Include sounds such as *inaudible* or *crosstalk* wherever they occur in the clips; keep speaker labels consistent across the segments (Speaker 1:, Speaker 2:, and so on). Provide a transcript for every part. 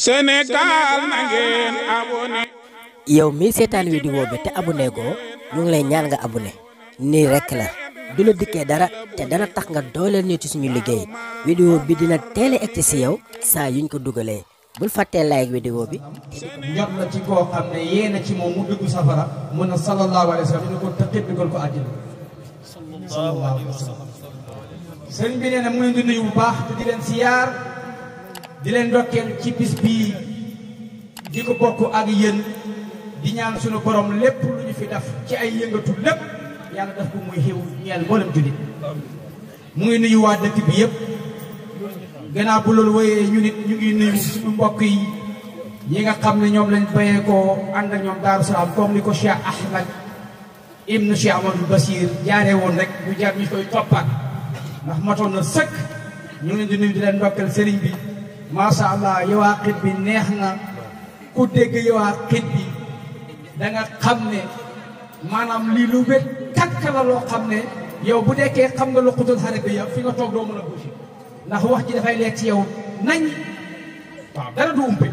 Speaker 1: Sénégal na ngeen abonné. yow mii seetaan vidéo bi te abu goo ñu ngi lay ñaan nga ne nii rekk la du la dikkee dara te dana tax nga dooleel ñu ci suñu liggéey vidéo bi dina teel a egsi si yow saa yuñ ko dugalee bul fàttee like vidéo bi. ñor na ci koo xam ne yéen ci moom mu dugg safara mun na sallallahu alayhi wa sallam bi nee na mu ngi di bu baax te di leen siyaar. di len ndokkeel ci bis bi di ko bokku ak yeen di ñaan suñu borom lepp luñu fi def ci ay yëngatu lepp yalla daf ko muy xew ñeel mboolem jullit mu ngi nuyu wa dekk bi yëpp gëna bu lol waye ñu nit ñu ngi nuyu suñu mbokk yi ñi nga xamne ñom lañ bayee ko and ak ñom daru salam comme ni Cheikh Ahmed ibnu Cheikh Amadou Basir jaaree won rek bu jaar ñu koy topak ndax matone sekk ñu ngi leen di nuyu di leen ndokkeel serigne bi macha allah yawaaxit bi neex na ku dégg yawaaxit bi da nga xam ne maanaam lii lu wét takk la loo xam ne yow bu dekkee xam nga loqutul xarit bi yow fi nga toog doo mën a bouge ndax wax ji dafay leeg ci yow nañ waaw dara du umpe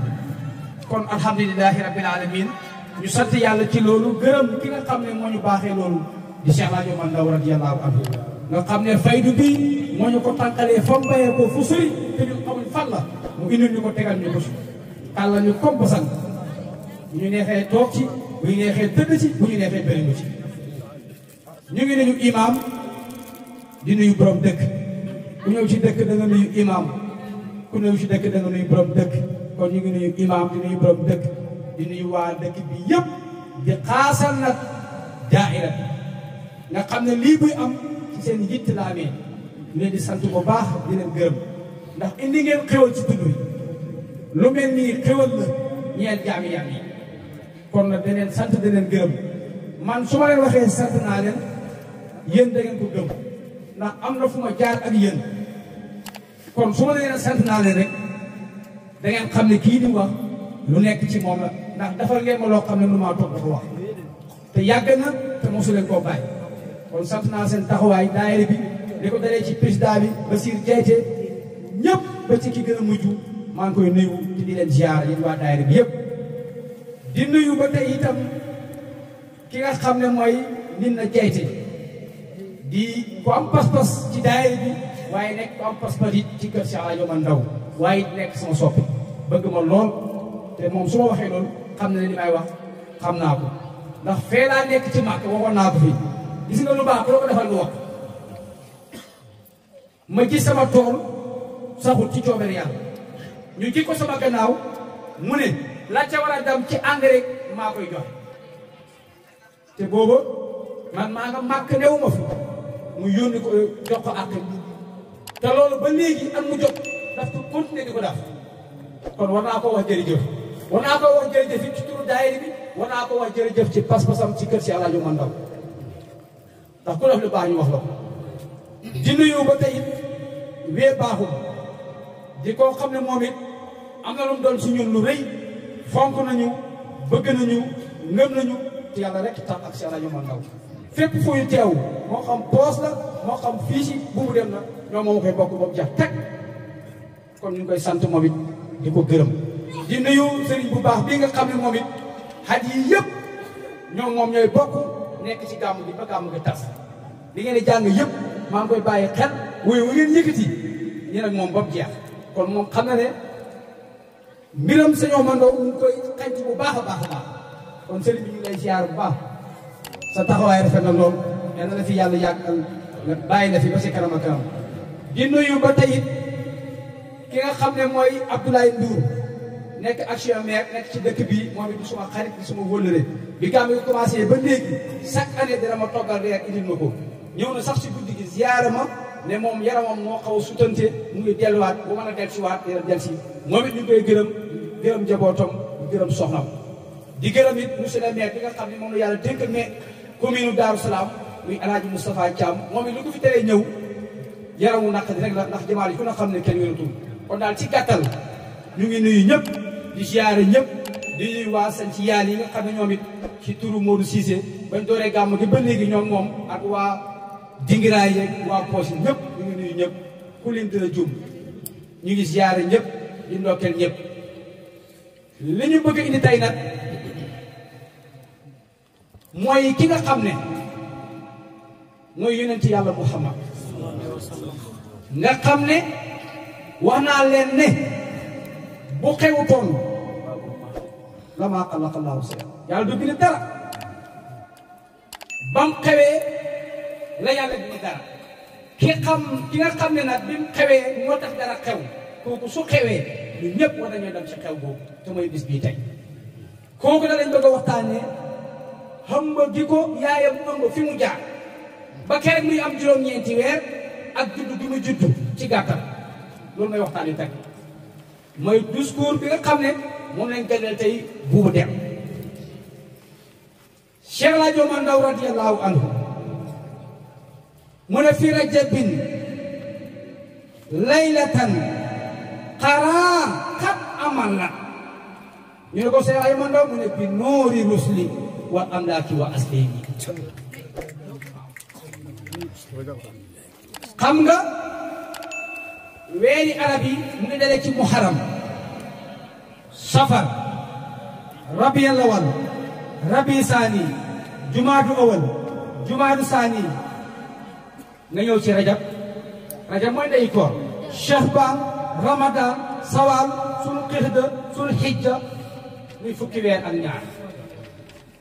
Speaker 1: kon alhamdulilahi rabbil alamin ñu sant yàlla ci loolu gërëm ki nga xam ne moo ñu baaxee loolu di Cheikh nga xam ne faydu bi moo ñu ko tànqalee fa mu bayee fu sori te ñu xamul fan la mu indil ñu ko tegal ñu ko si lañu ñu comme basan bu ñu neexee toog ci bu ñu neexee tëdd ci bu ñu neexee bëriñu ci ñu ngi nañu imaam di nuyu borom dëkk ku ñëw ci dëkk da nga nuyu imaam ku ñëw ci dëkk da nuyu borom dëkk kon ñu ngi nuyu imaam di nuyu borom dëkk di nuyu waa dëkk bi yëpp di xaasal nag daaira nga xam ne lii buy am ci seen yitt laa amee ñu leen di sant bu baax di leen gërëm ndax indi ngeen xéwal ci dund yi lu mel nii xéwal la ñeel jaami yam kon nag daneen sant daneen gërëm man su ma leen waxee sant naa leen yéen da ko gëm ndax am na fu ma jaar ak yéen kon su ma leen sant naa leen rek da xam ne kii di wax lu nekk ci moom la ndax dafa ngeen ma loo xam ne lu maa toog dafa wax te yàgg na te mosu leen koo bàyyi kon sant naa seen taxawaay daayira bi li ko dalee ci président bi Basir Diaté ñëpp ba ci ki gën a mujj maa ngi koy nuyu te di leen ziar waa daayira bi yëpp. di nuyu ba tey itam ki nga xam ne mooy nit na jayte di ku am pas-pas ci bi waaye nekk ku am pas-pas it ci kër Cheikh Adio waaye it nekk sama soppi bëgg ma lool te moom su waxee loolu xam na ne li may wax xam naa ko ndax fee laa nekk ci màkk waxoon naa ko fii gis nga lu baax loo ko defal lu wax ma gis sama tool saxul ci coobare yàlla ñu ji ko mu ne la ca war ci engrais maa koy joxe te booba man maa nga màkk fi mu yónni ko jox ko àq te loolu ba léegi ak mu jot daf ko continuer di ko def kon war naa koo wax jërëjëf war naa koo wax jërëjëf ci turu daayira bi war naa koo wax ci pas kër si Alaaji Umar ku def lu baax ñu la ko di nuyu ba tey wee baaxul di ko xam ne moom it am na lu mu doon si lu rëy fonk nañu bëgg nañu ngëm nañu te yàlla rek tax ak seen rajo mën ndaw fépp fu ñu teew moo xam poos moo xam fii si bu mu dem na ñoom moom koy bokk boobu jax teg kon ñu ngi koy sant moom it di ko gërëm di nuyu sëriñ bu baax bii nga xam ne moom it xaj yëpp ñoom moom ñooy bokk nekk ci gàmm gi ba gàmm gi tas bi ngeen di jàng yëpp maa ngi koy bàyyi xel wuyu wu ngeen yëkkati ñu moom boobu jeex kon moom xam na ne mbiram sañoo mandoo mu ngi koy xanc bu baax a baax a baax kon sëriñ bi ñu ngi lay ziar bu baax sa taxawaay rafet na lool yal na la fi yàlla yàggal nga bàyyi la fi ba si kanam ak kanam di nuyu ba tey ki nga xam ne mooy Abdoulaye Ndour nekk action maire nekk ci dëkk bii moom it di suma xarit di suma wóllëre bi gàmm yi commencé ba léegi sa année dina ma toggal rek indil ma ko ñëw na sax si guddi gi ziar ma ne moom yaramam moo xaw a sutante mu ngi delluwaat bu mën a del siwaat yaram del si moom it ñu koy gërëm gërëm njabootam di gërëm it monsieur le maire bi nga xam ne moom la yàlla dénk ne commune Darou Salaam muy alaaji Moustapha Thiam moom it lu ko fi teree ñëw yaramu naq di jamaal yi ku na xam ne kenn wératul kon daal ci gàttal ñu ngi nuyu ñëpp di ziare ñëpp di nuyu waa sant ci yaal yi nga xam ne ñoom it ci turu Modou Cissé bañ dooree gàmm gi ba léegi ñoom moom ak waa dingiraay yeeg waa poos yi ñëpp ñu ngi nuyu ñëpp ku leen dina jum ñu ngi ziyaare ñëpp di ndokkeel ñëpp li ñu bëgg indi tey nag mooy ki nga xam ne mooy ci yàlla Muhammad nga xam ne wax naa leen ne bu xewu toon la maa xalaqa Allaahu shay'an yàlla du bind dara bam xewee la yàlla di dara ki xam ki nga xam ne nag bi mu xewee moo tax dara xew kooku su xewee ñu ñëpp war nañoo dem ci xew boobu te mooy bis bii tey kooku da lañ bëgg a waxtaanee xam nga gi ko yaayam ëmb fi mu jaar ba keroog muy am juróom-ñeenti weer ak judd gi mu juddu ci gàttal loolu mooy waxtaan yu teg mooy discours bi nga xam ne moom lañ jagleel tey buubu dem Cheikh Laaji Omar Ndaw radiyallahu anhu mu ne fi rajabin laylatan qara kat amal ñu ko sey ay mondo mu ne bi rusli wa amlaki wa aslimi xam nga weeri Arabi, yi mu ngi dale ci muharram safar rabiul wal rabi sani, jumaatu awal jumaatu sani. nga ñëw ci rajab rajab mooy ndeyu koor shahbaan ramadan sawaal sunu xixda sunu xijja muy fukki weer ak ñaar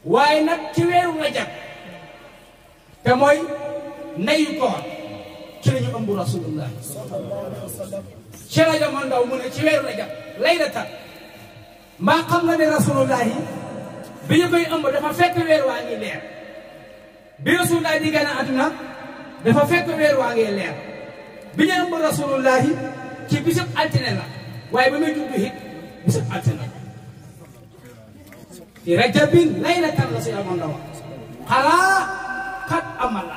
Speaker 1: waaye nag ci weeru rajab te mooy ndeyu koor ci la ñu ëmb rasulullah ci rajab man ndaw mu ci weeru rajab laylatan maa xam nga ne rasulullah bi ñu koy ëmb dafa fekk weer waa ngi leer bi rasulullah di gën a àdduna dafa fekk weer waa ngee leer bi ñu ëmb rasulullahi ci bisub altine la waaye ba muy juddu it bisub altine la ci rajabin laylatan la si amoon la wax xalaa xat amala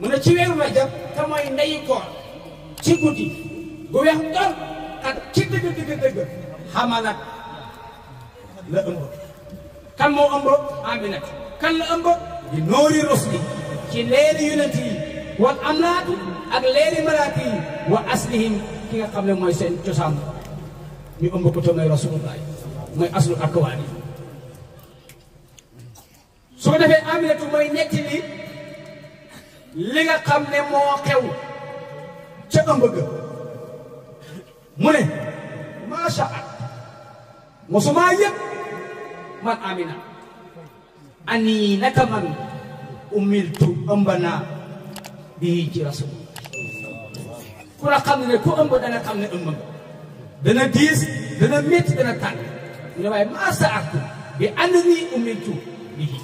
Speaker 1: mu ci weeru rajab te mooy ndeyi koor ci guddi gu weex dor ci dëgg dëgg dëgg xamalat la ëmb kan moo di noori rosli ci leeri yonent yi wal amlaatu ak leeri malaaka wa aslihim ki nga ne mooy seen cosaan ñu ëmb ko te mooy rasulullah mooy aslu akwaan yi su ko defee aminatu mooy netti li li nga ne moo xew ca ëmb mu ne macha allah mosuma yëpp man amina ani naka man umiltu ëmb naa bii ci rasul ku la xam ne ku ëmb dana xam ne ëmb dana diis dana métti dana tàng mu ne waaye maasa ak bi ànd nii umiltu bii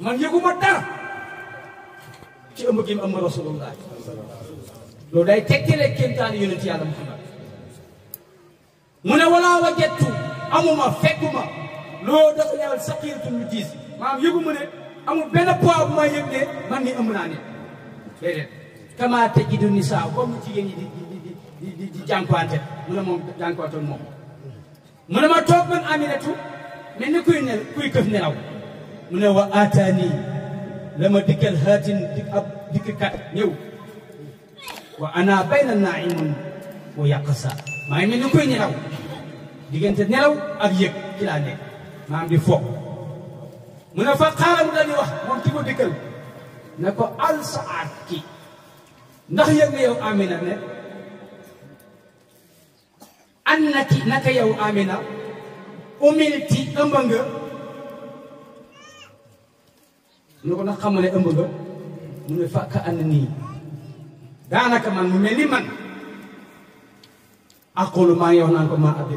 Speaker 1: man yëguma dara ci ëmb gi mu ëmb rasulullah loolu day tegtale kéemtaan yonent yàlla muhammad mu ne walaa wajattu amuma fekkuma loo dafa newal saqiiratu lu diis maam yëgu ne amul benn poids bu may yëg ne man ni ëmb naa nit déedéet kama tajidu nisaa comme jigéen ñi di di di di di jànkuwante mu ne moom ma toog man aminatu mais ni kuy ne kuy këf nelaw mu ne wa aataani la ma dikkal haatin di ab dikk wa ana bayna naimun wa yaqsa maa ngi kuy nelaw diggante nelaw ak yëg ci maa ngi di mu ne fa xaaral mu dañuy wax moom ki ko dikkal ne ko al saad ki ndax yëg nga yow ne an na ki naka yow amina umilti ëmb nga mu ko ndax xam ne ëmb nga mu ne fàkk ànd nii daanaka man mu mel ni man aqulu maa ngi wax naan ko maa adri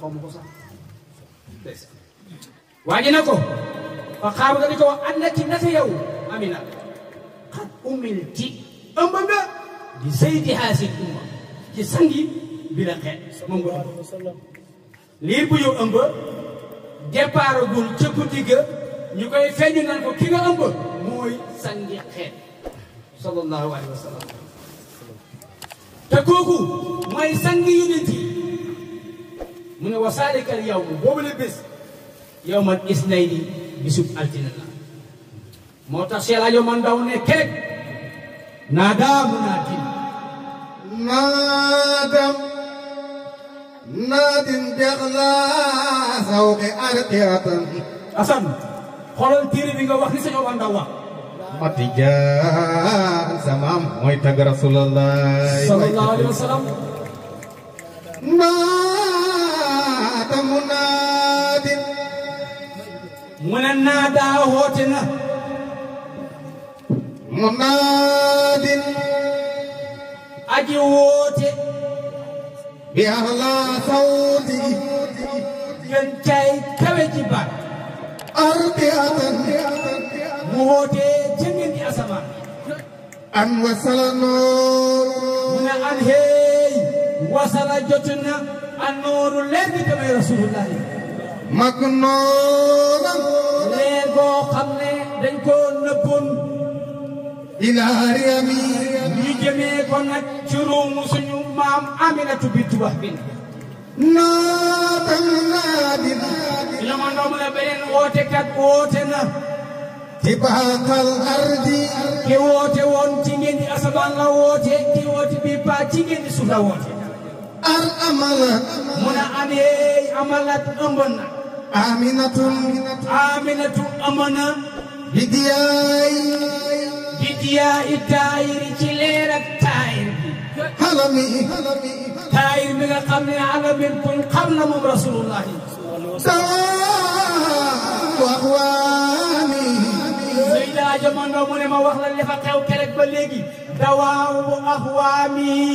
Speaker 1: xaw ma ko sax waa ji na ko fa xaaral nga di ko wax annati naka yow Amina xat umilti ëmb nga di Seydi Haasi umma ci sangi bi la xeet moom nga liir bu ñu ëmb départ gul ca guddi ga ñu koy feeñu naan ko ki nga ëmb mooy sangi xeet sallallahu alayhi wa sallam te kooku mooy sangi yu nit mu ne wasaalikal yow boobu la bés yow man di bisub altine la moo tax seela yow man daw ne keek
Speaker 2: naadaam naadin naadam naadin dexla sawqi ardiatan asan xolal tiri bi nga wax ni sey yow man daw wax samam moy tag Rasulullah sallallahu alaihi wasallam Matamunah mu ne naadaa woote na mu aji woote bi ala sawti
Speaker 1: yon cay kawe baat ardi atan mu woote jëngeen asamaan an wasala noor mu an heey wasala jot na an nooru
Speaker 2: leer bi kamay rasulullahi mag noonam leer boo xam ne dañ koo nëbboon ilaariam yi ñu
Speaker 1: jëmee ko nag ci ruumu suñu maam aminatu bintu Wahb bi
Speaker 2: naatam naa dina
Speaker 1: la ma ndoom la beneen wootekat woote na tibaaqal ardi ki woote woon ci ngeen di asamaan la woote ki woote bii paa ci ngeen di la woote أن أملا من أني أملت أمنا آمنة آمنة أمنا بدياي بدياي تاير جليرك تاير هلمي تاير من قبل على من كل قبل من رسول الله وأخواني سيدا جمان من ما وخلا اللي فقعوا كلك بلغي دوام أخواني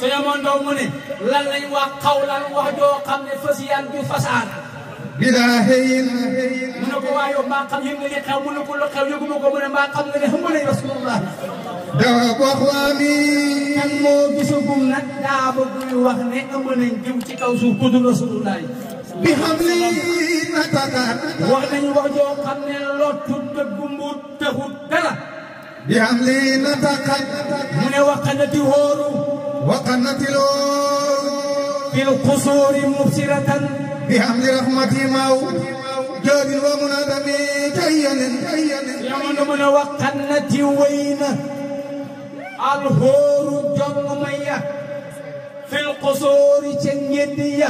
Speaker 1: sëñ Amady Ndao mu ne lan lañ wax xawlan joo xam ne fas yaan bi fasaan. bidaa xëy na xëy ko waa yow mbaa xam yëg nga mu ne ko lu ko mu ne mbaa ne xam rasulullah. daa wax waa mi. kan moo gisagum ci kaw suuf ku dul bi xam li nataakaat. wax nañu wax joo ne lottu dëggu
Speaker 2: وقنتلو في القصور مبصرة بحمد رحمة ماو جاد ومنادمي جيّن يمن من
Speaker 1: وقنتي وين الهور جنمية في القصور جنيدية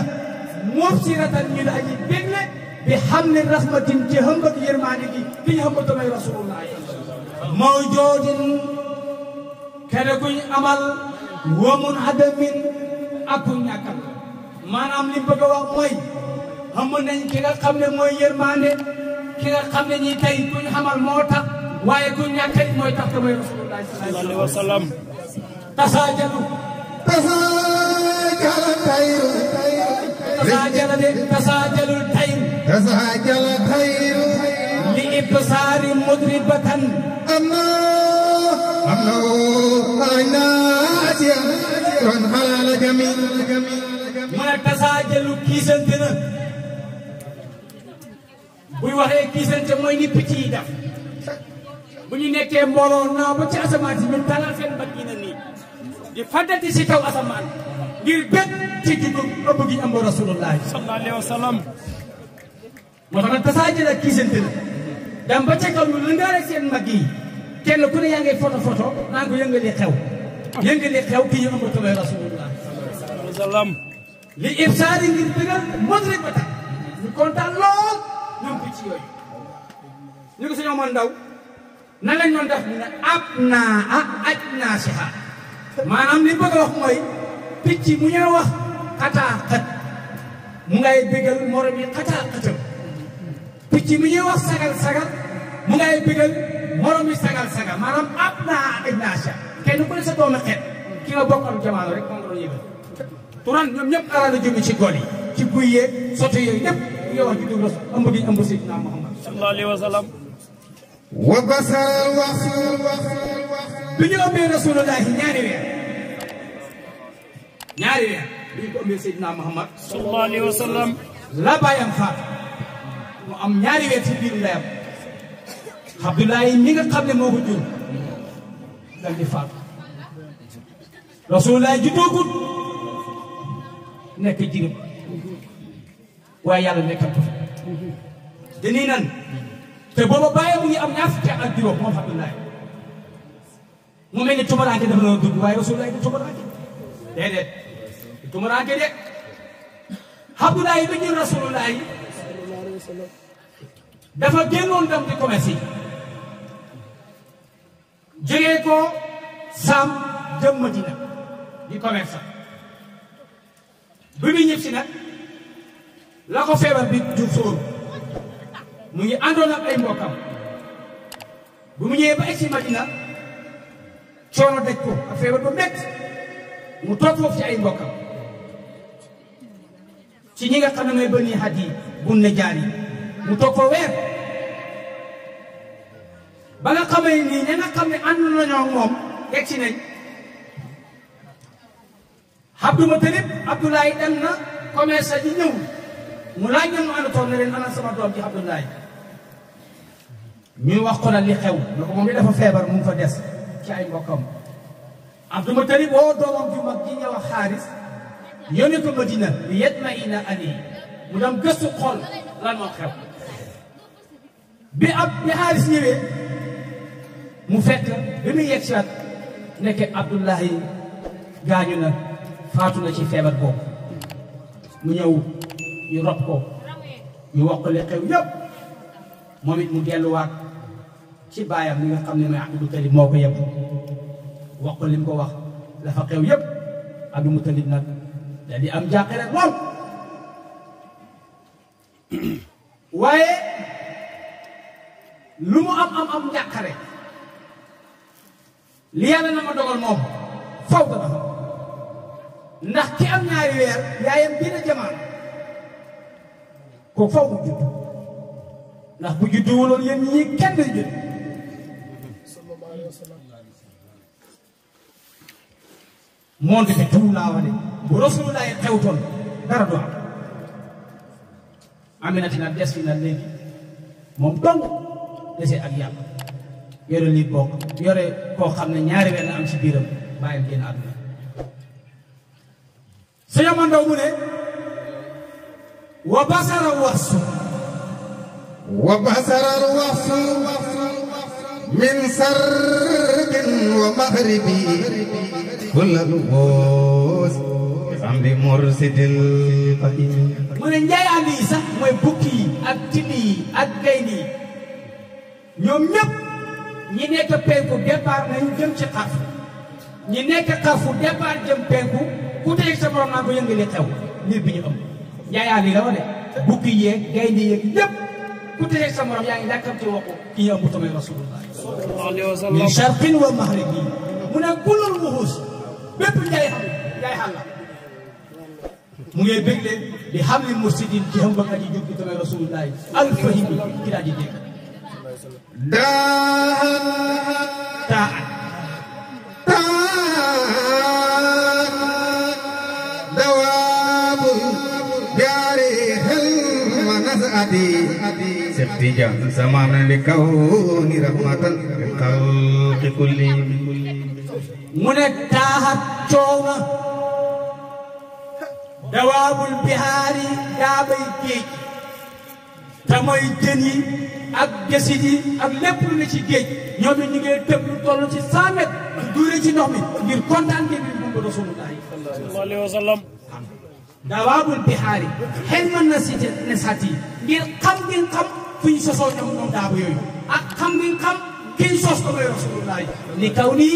Speaker 1: مبصرة من أجل بنك بحمد رحمة جهنبك يرمانيكي في همبت رسول الله موجود كان يكون أمل wamun adamin ak ku ñàkkal li bëgg a wax mooy xam nañ ki nga xam ne mooy yërmande ki nga xam ne ñi tey kuñ xamal moo tax waaye ku ñàkkee mooy tax te mooy rasulullah sallallahu alayhi wa sallam tasaajalu
Speaker 2: tasaajala tayru
Speaker 1: tasaajala de tasaajalu
Speaker 2: tayru tasaajala tayru li ibsaari mudribatan am na am na oh, kon xalaat la jami mu ne tasaajalu
Speaker 1: buy waxee kiisante mooy ni picc yi bu ñu nekkee mbooloo naaw ba ci asamaan si ñu talal seen bët di fàttali si kaw asamaan ngir bët ci juddu ëpp gi am ba rasulullah sallallahu alayhi wa sallam moo tax nag tasaajal ak kiisante ba ca kaw ñu lëngaale seen mag kenn ku ne yaa foto foto naa ko yëngalee xew Yang li xew ki ñu am ba rasulullah sallam li ibsaari ngir bëggal mot rek ba tàkk ñu kontaan lool ñoom picc yooyu ñu ko suñu amoon ndaw na lañ doon def ne ab naa ak aj naa si xaar maanaam li bëgg wax mooy picc mu ñu wax xataa xat mu ngay bëggal morom yi xataa xatam picc mu ñuy wax sagal sagal mu ngay bëggal morom yi sagal sagal maanaam ab naa ak kenn ku ne sa doom a xeet ki nga bokkal jamaano rek moom la doon turan ñoom ñëpp dara la ci gool ci guy yeeg sotti yooyu ñëpp li nga wax ëmb gi ëmb Seydina Muhammad sallallahu alayhi wa sallam wa basal
Speaker 2: wax
Speaker 1: bi ñaari weer ñaari weer bi ñu ko ëmbee Seydina Muhammad sallallahu alayhi wa sallam la bàyyam faat mu am ñaari weer ci biir ndeyam mi nga xam ne moo ko jur dal rasulullaay juddoogut nekk jirib waaye yàlla nekkal ko dañuy nan te booba bàyyi mu ngi am ñaar fukki ak juróom moom Abdoulaye mu mel ni tumuraanke dafa doon dugg waaye rasulullaay du tumuraanke déedéet du tumuraanke de Abdoulaye ba jël rasulullaay dafa génnoon dem di commerce yi jógee Saam dem Madina di commerçant bi muy ñëpp nag la ko feebar bi jur sóoru mu ngi àndoon ak ay mbokkam bu mu ñëwee ba egsi Madina coono daj ko ak feebar ba métti mu toog foofu ci ay mbokkam ci ñi nga xam ne mooy bënni xat yi bun na mu toog fa weer ba nga xamee nii ña nga xam ne ànd moom egsi nañ Abdou Moutalib Abdoulaye dem na commerce ji ñëw mu laaj ñoom ñu ànd toog ne leen sama doom ci Abdoulaye ñuy wax ko la li xew ne moom li dafa feebar mu fa des ci ay mbokkam Abdou Moutalib woo doomam ju ji ñëw a xaaris yónni ko Madina li yatma ina ali mu dem gëstu xool lan moo xew bi ab bi xaaris ñëwee mu fekk bi muy yegg si waat gaañu na faatu na ci feebar boobu mu ñëw ñu rob ko ñu wax ko li xew yépp moom it mu delluwaat ci baayam li nga xam ne mooy Abdul Talib moo ko yeb wax ko li ko wax dafa xew yépp Abdul Mutalib nag da di am jàqare lool *coughs* waaye lu mu am am am li yàlla na ma dogal moom faw ndax ki am ñaari weer yaayam bii la jamaan ko faw mu judd ndax bu judduwuloon yéen ñii kenn du judd monde bi tuw naa wa de bu rasulullahi xewtoon dara du am aminati nag des fi nag léegi moom dong ak yàlla yore nit bokk yore koo xam ne ñaari weer la am ci biiram bàyyil génn àdduna Saya mandau mu Wabasara
Speaker 2: wasu Wabasara wasu min sarqin wa maghribi kullal woos am bi mursidil qadiim Mune ne njaayaan yi sax
Speaker 1: buki ak tini ak gaini Nyom nyop ñëpp ñi nekk penku départ nañu jëm ci xarfu ñi wuteeg sa borom naa ko yëngal li xew mbir ñu am yaayaa lii la ma de bukki yeeg gaynde yeeg ñëpp ku sa ci waxu ki bu tamay rasulullah min sharqin wa mahribi mu kulul wuxuus bépp njaay xam njaay xam mu ngay bég di xam mursidin xam tamay rasulullah alfahimi ki daa di dégg daa
Speaker 2: ta. Seex Tijaan sama na li kaw ni rahmatan lil xalqi kulli mu ne taaxat cooma dawaabul
Speaker 1: bihaari daabay géej te mooy jën yi ak jësit yi ak lépp lu ne ci géej ñoom it ñu ngi tëb lu toll ci 100 mètres duure ci ndox mi ngir kontaan ngeen di mën ko Rasulullah sallallahu alayhi wa sallam دواب البحار نسيت نساتي غير كم بين كم في سوسو نمو دابيوي أكم بين كم كين سوس كم رسول الله لكوني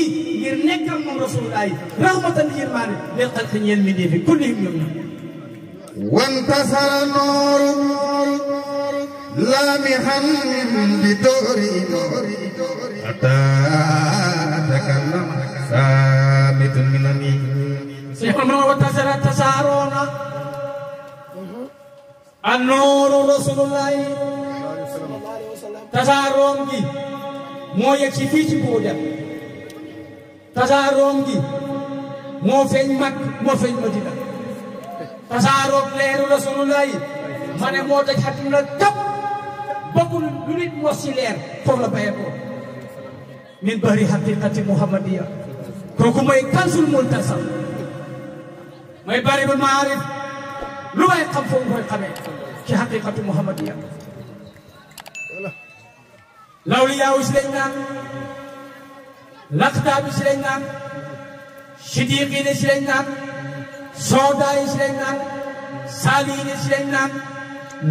Speaker 1: غير نكم من رسول الله رغمة غير ما نقل خنيل من دي في كل يوم يوم
Speaker 2: وانتصر النور لامحا من بدوري أتا تكلم سامي noonu tasara tasaaroo na ak nooru
Speaker 1: gi moo yegg si fii ci Buuda tasaaroom gi moo feeñ mag moo feeñ Madina tasaaroom leeru rasulullahi ma ne moo daj xatim la tëb bokkul lu nit mos si leer foofu la bayee ko min bari haqiqati muhammadiya kooku mooy kansul muntasam mooy bari bu maarif lu may xam foofu koy xamee ci xaqiqatu muhammadiya lawliyaawu si lañ naan laqtaabi si lañ naan sidiqiine si lañ naan soodaayi si lañ naan saalihiine si lañ naan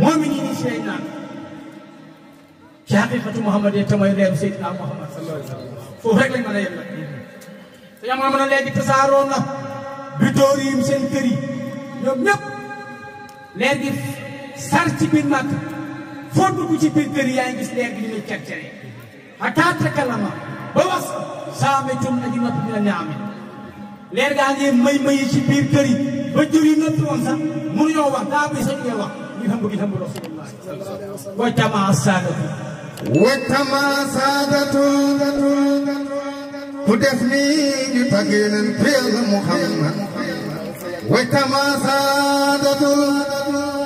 Speaker 1: moominiine si lañ naan ci xaqiqatu muhammadiya te mooy leeru seydina muhammad sallallahu alayhi wa sallam foofu rek lañ mën a yem nag te ñoom mën a léegi tasaaroo na butóor yi seen kër yi ñoom ñëpp leer gi sar ci biir màkk foo dugg ci biir kër yi yaa ngi gis leer gi ñu ngi cercere xataa takkalama ba wax saame cum aji nopp bi la ne ame leer gaa ngi may mayi ci biir kër yi ba jur yi nopp woon sax mënuñoo wax daa bi sax ngay wax ñu xam bëgg xam rasulullah wa tamaa saadatu wa tamaa saadatu
Speaker 2: ku def nii ñu tàggee leen teel Muhammad way tamasaadatul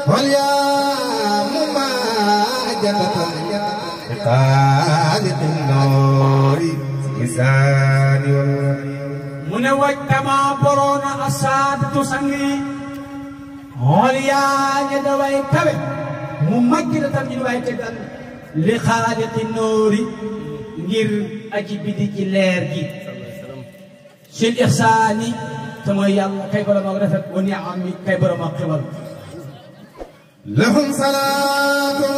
Speaker 2: wal yaa mu maa jatatan xaaliqin noori misaani wal mu ne waj tamaa boroona
Speaker 1: asaadatu sangi wal yaa ña daway kawe mu majjatatan ñu way tegal li xaaliqin noori ngir aji bidi ci leer gi sil ihsaani te mooy yàlla kay borom ak rafet wa niami kay borom ak xewal lahum salaatu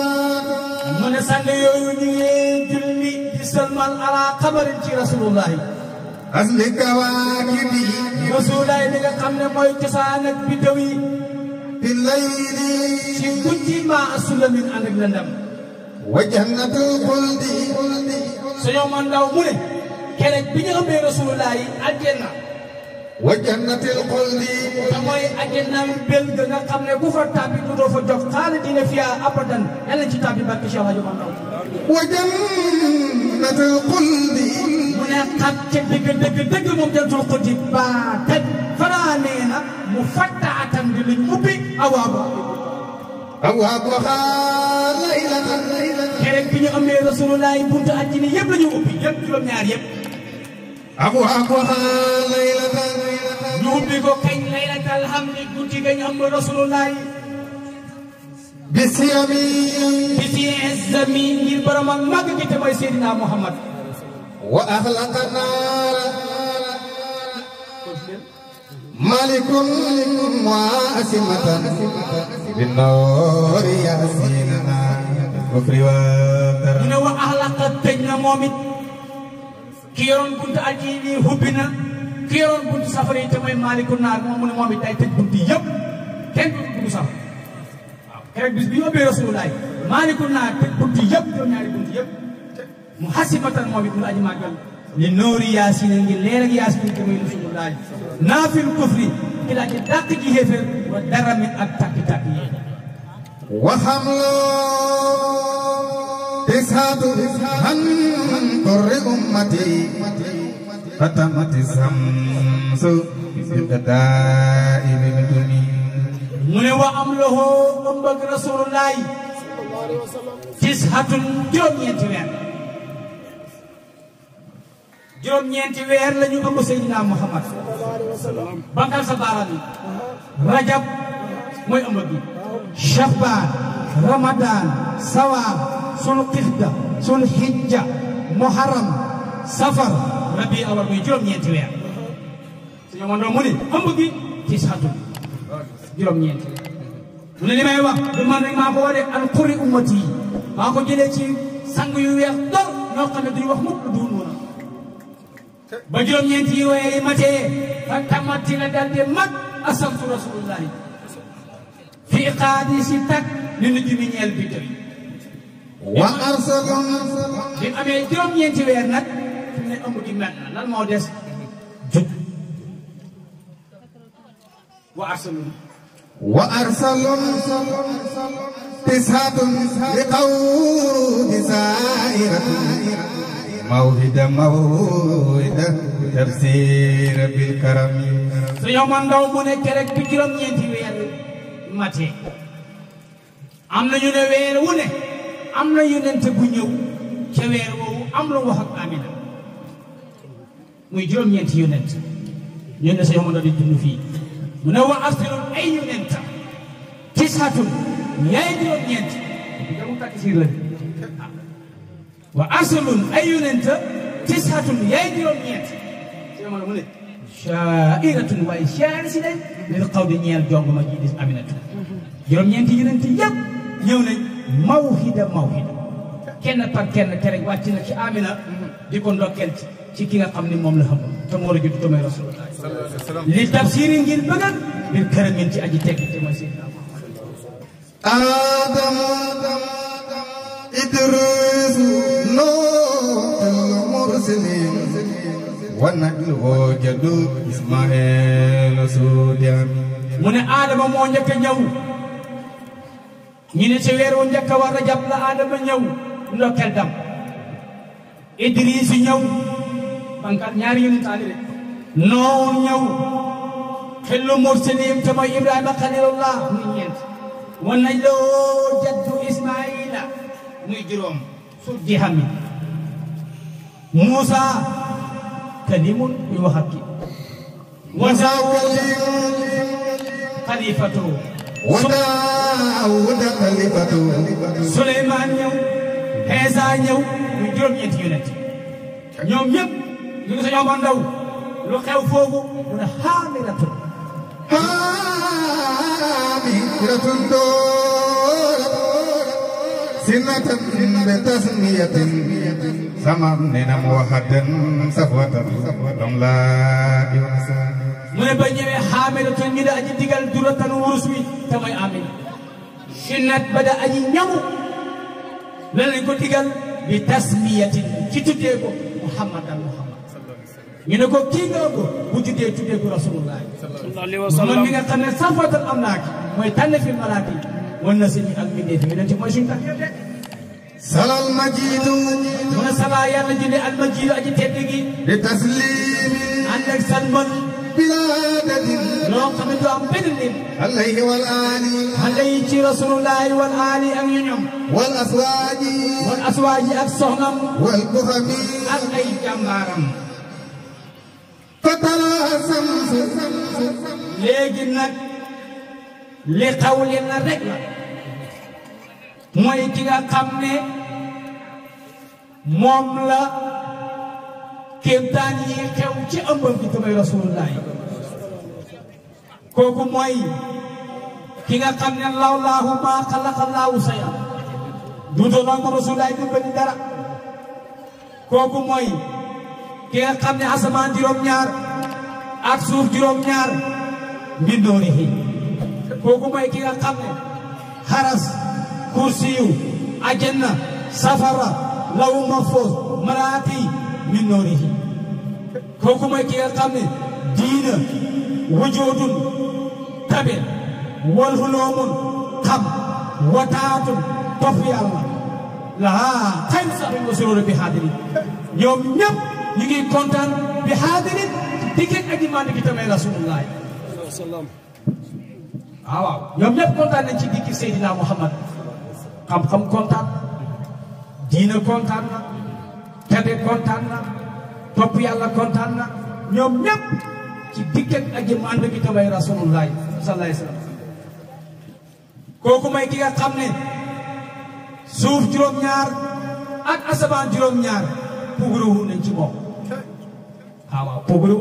Speaker 1: mu ne sànni yooyu ñu ngi julli di salmal ala xabarin ci rasulullahi asli kawaakibi rasulaay li nga xam ne mooy cosaan ak biddaw yi bi layli ci guddi maa asula min ànd ak lëndam wa jannatul xuldi suñu man ndaw mu ne keroog bi ñu xamee rasulullah yi aljanna wa jannatul xuldi te mooy aljanna yu bël ga nga xam ne bu fa tàbbi du doo fa jox xaala dina fiyaa abadan yàlla ci tàbbi barke Cheikh Hadji Omar Ndaw
Speaker 2: wa jannatul xuldi
Speaker 1: mu ne xat ca dëgg dëgg dëgg moom jannatul xuldi baa taj fanaanee na mu fatta atan di luñ ubbi awaabu
Speaker 2: abwaab waxaa la ilaha
Speaker 1: keroog bi ñu amee rasulullahi buntu àjjana yëpp la ñu ubbi yëpp juróom-ñaar yëpp. abwaab waxaa la ilaha ñu ubbi ko kañ laylatal hamdi guddi gañ am rasulullahi. bis yami. bis yami ngir borom ak màgg gi te mooy Seydina Muhammad.
Speaker 2: wa ahlaqanaa Malikun malikum wa asimatan bin nawri yasinana ukri wa tar ina wa ahlaka tegna momit
Speaker 1: kiyon bunta aji ni hubina kiyon bunta safari te malikun nar mo mun momit tay tej bunti yeb ken ko bunta safar kerek bis bi obe malikun nar tej bunti yeb do ñaari bunti yeb muhasibatan momit mu aji magal للنور ياسين الليل ياسين كما يرسل الله نافي الكفر
Speaker 2: إلى تدق جهفر والدر من أكتك تقيين
Speaker 3: وحمل
Speaker 2: تسعة عن طر أمتي ختمت الشمس بقداء الدنيا من وعمله أمك رسول الله
Speaker 1: تسعة جمية Jom ñeenti weer la ñu ëmb sayyidina Muhammad bankal sa baaraam rajab moy ëmb bi shaban ramadan sawab sunu xixda sunu hijja muharram safar rabi awal muy juróom ñeenti weer suñu mondoo mu ne ëmb bi ci saatu juróom ñeenti mu ne limay wax bu man rek mako wone an qur'i ummati mako jele ci sang yu weex dor no xamne duñ wax mu du ba juróom ñeenti yi waaye li matee fa tamati la dal di mag asaltu rasulullahi fi qaadi si tak li nu jumi ñeel bi dem wa arsalon bi amee juróom ñeenti weer nag fi ne ëmb di mel lan moo des jub wa arsalon wa arsalon
Speaker 2: tisatun li qawdi mawhida mawhida tafsir bil karam su yow man ndaw
Speaker 1: bu nekk rek bi juróom-ñeenti weer mate am na ñu ne weer wu ne am na yonent bu ñëw ca weer woowu am lu wax ak Amina muy juróom-ñeenti yonent ñu ne su yow man ndaw fii mu ne wa astirun ay yonent tisatun yaay juróom-ñeenti. dama takk siir la wa arsalun ay yonent tisatun yaay juróom-ñeent jamono mu ne si nañ lil xaw di ñeel jong ma ji dis aminatu juróom-ñeenti yonent yëpp ñëw nañ mawhida mawhida kenn par kenn tere wàcc na ci amina di ko ci ki nga xam ne moom la xam te moo la judd te mooy rasulullah li tafsiri ngir bëggal bil kërëm ci aji tekki te mooy seydina
Speaker 2: Adamu إدريس نوح المرسلين ونقل وجد إسماعيل سوديا من آدم moo njëkk a ñëw ñu ne ci weeru
Speaker 1: njëkk war a jàpp la Adama ñëw dam Idris ñëw bankat ñaari yu taali rek noon ñëw xillu mursalim te mooy Ibrahima xalilullah muy ñeent wan nañ loo jaddu Ismaïl muy juróom suuf ji xam ni Muusa kalimun yu wax ak ki wa xalifatu wada xalifatu Suleymaan ñëw Iisaa juróom ñeenti yonent ñoom ñëpp ñu ngi sa ñoom ndaw lu xew foofu mu ne xaamiratun
Speaker 2: xaamiratun سنة بتسمية سمعنا موحدا صفوة لم لا يحسن
Speaker 1: من بني حامل كان يدا أجي ديغال دورة ورسوي تماي آمين سنة بدا أجي نيو لن يكون ديغال بتسمية كتبتكو محمد محمد ñu ne ko kii nga ko bu tuddee tuddee ko rasulullah sallallahu alayhi wa sallam mi nga xam ne safatal am naa ki mooy tànn fi malaaka yi mën na sëñ ak mbindéef mi yonent mooy suñu tax yow de salal majiidu mu ne salaa yàlla julli al majiidu aji tedd gi di taslimi ànd ak salman bilaa dadin loo xam ne du am benn lim alayhi wal aali alayhi ci rasulullahi wal aali ak ñu
Speaker 2: ñoom wal aswaaji wal aswaaji ak soxnam wal buxami ak ay jàmbaaram fatara sam
Speaker 1: léegi nag li xaw li na rek mooy ki nga xam ne moom la kéemtaan yi xew ci ëmbam bi tamay rasulullah kooku mooy ki nga xam ne lawlaahu maa xalaqa laahu sayan duutoo noon ko rasulullah dimbali dara kooku mooy ki nga xam ne asamaan juróom-ñaar ak suuf juróom-ñaar mbindoori hi kooku mooy ki nga xam ne xaras kursiyu ajanna safara lawu mahfuz malaati min noorihi kooku mooy ki nga xam ne diina wujudun tabe wal huloomun xam wataatun topp yàlla lahaa xayn saxin wasuroona bi xaadirin ñoom ñëpp ñu ngi kontaan bi xaadirin dikkee ak imaan gi tamay rasulullah sallallahu waaw waaw ñoom ñëpp ci dikki Muhammad xam-xam kontaan diina kontaan na tebe kontaan na topp na ñoom ñëpp ci dikkat ak jëm bi tabay rasulullahi sallallahu alayhi wasallam kooku may ki nga xam suuf juróom-ñaar ak asamaan juróom-ñaar puguruwu nañ ci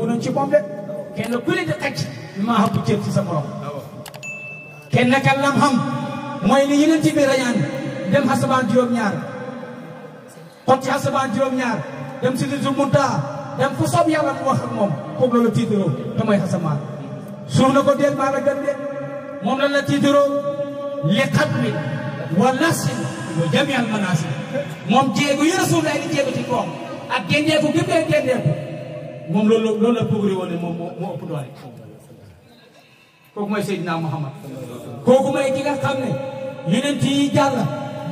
Speaker 1: nañ ci de kenn di ci sa borom kenn kan lam xam mooy ni yeneen ci biir rayaan dem xasabaan juróom-ñaar xot ci xasabaan juróom-ñaar dem si di muntaa dem fu soob yàlla mu wax moom foofu la la tiitaroo te mooy xasabaan na ko deel maa la gën moom la la tiitaroo li xat mi wa nasin wa moom jéegu yi rasul loolu loolu la pogri woon ne moom moo ëpp doole kooku mooy Seydina Muhammad kooku ki nga ne yonent yi jàll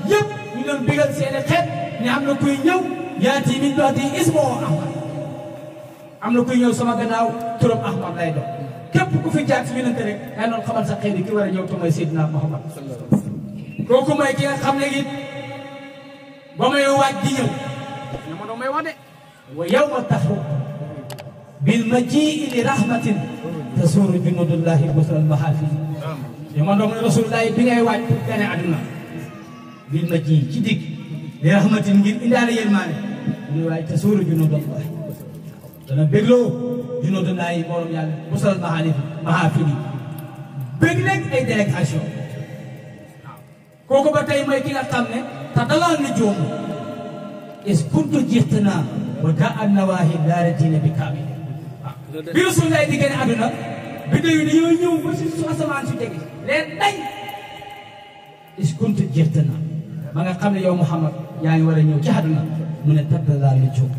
Speaker 1: yëpp ñu doon bigal seeni xeet ne am na kuy ñëw yaati min baadi ismoo am na kuy ñëw sama gannaaw turam Ahmad lay doon képp ku fi jaar ci yonent rek yaa doon xamal sa xeet ki war a ñëw te mooy Muhammad kooku ki nga ne it ba may waaj di ñëw na ma doon may wax de wa bil majii li rahmatin tasuuru junudullahi busral mahaafi yi ma doom ne rasulullahi bi ngay waaj pour gane àdduna bil ma ji ci digg li rahmatin ngir indaale yërmaane mu ne waaye tasuuru junudullahi dana bégloo junudullahi borom yàlla busral mahaafi yi ay délégation kooku ba tey mooy ki nga ne te ni joomu is kuntu jixtinaa wa daa an nawaahi daara diine bi kaamil
Speaker 3: bi Rasulullah di génn àdduna
Speaker 1: biddew yi dañoo ñëw ba si su asamaan si jege leen day is kunt na ba nga xam ne yow Muhammad yaa ngi war a ñëw ci àdduna mu ne tabda daal di jóg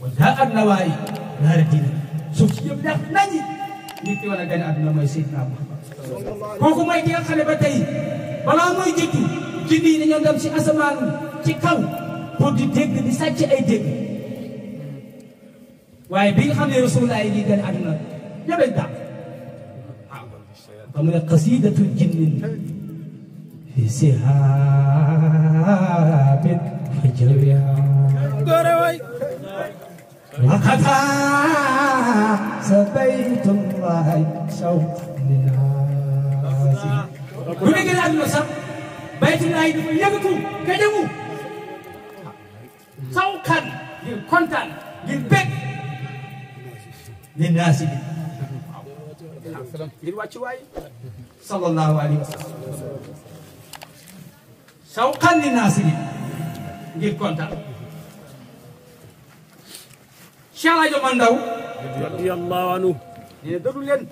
Speaker 1: wa daa ak nawaayi daara diina suuf si yëpp def nañi nit ki war a génn àdduna mooy Seydina Muhammad kooku mooy ki nga xam ba tey balaa mooy jëttu jinne yi dañoo dem si asamaan ci kaw pour di dégg di sàcc ay dégg waaye bi nga xam ne rasulullah yi di gën àdduna ñëpp dañ tàq xam nga qasidatu jinnin fi sihaabin fa jawiya gore way لقد سبيت الله شوق لنازي كل كده قبل صح بيت الله يجتو كجمو سوقا للكونتان للبيت li naasi bi ngir wàccu waay sallallahu alayhi wa ngir kontaan Cheikh El Hadj Omar Ndao radiyallahu anhu na déglu leen